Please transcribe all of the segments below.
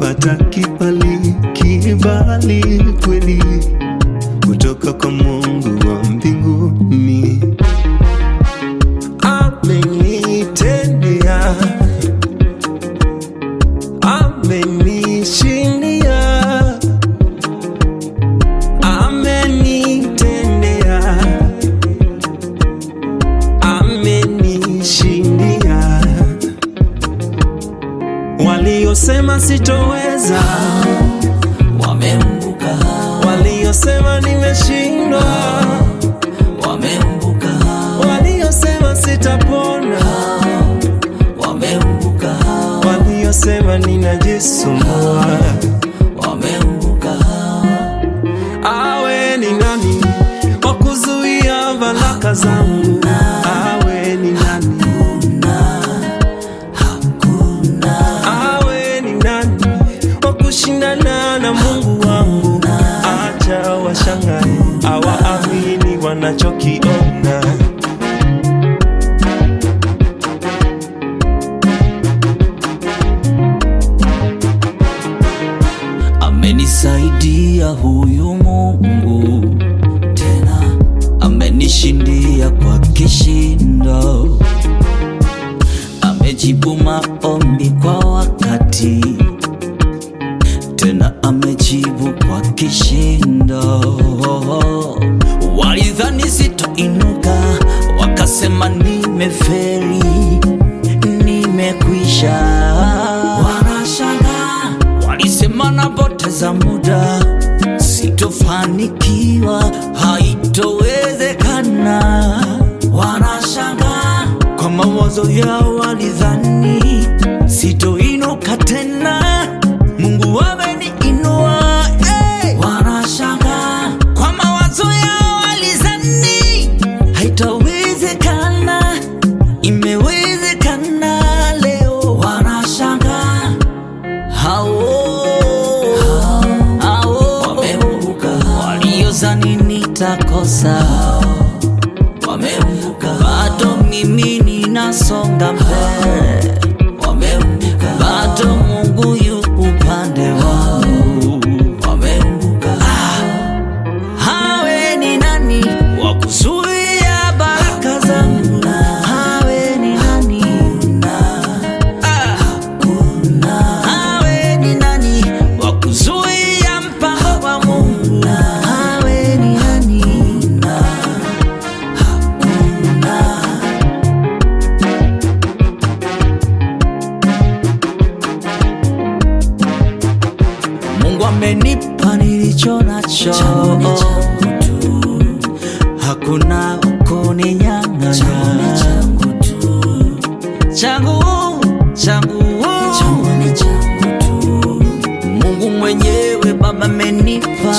kupata kibali, kibali kweli kutoka kwa Mungu wa mbinguni. sitoweza, wamembuka waliosema nimeshindwa, wamembuka waliosema sitapona, wamembuka waliosema ninajisumbua unachokiona amenisaidia huyu mungu tena amenishindia kwa kishindo amejibu maombi kwa wakati tena amejibu kwa kishindo walidhani inuka wakasema nimefeli, nimekwisha. Wanashangaa, walisema napoteza muda, sitofanikiwa, haitowezekana. Wanashangaa, kwa mawazo yao walidhani sito makosa wameanguka, bado mimi ninasonga mbele wameanguka wamenipa nilicho nacho, hakuna kuninyang'anya changu changu Mungu mwenyewe Baba amenipa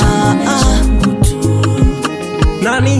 nani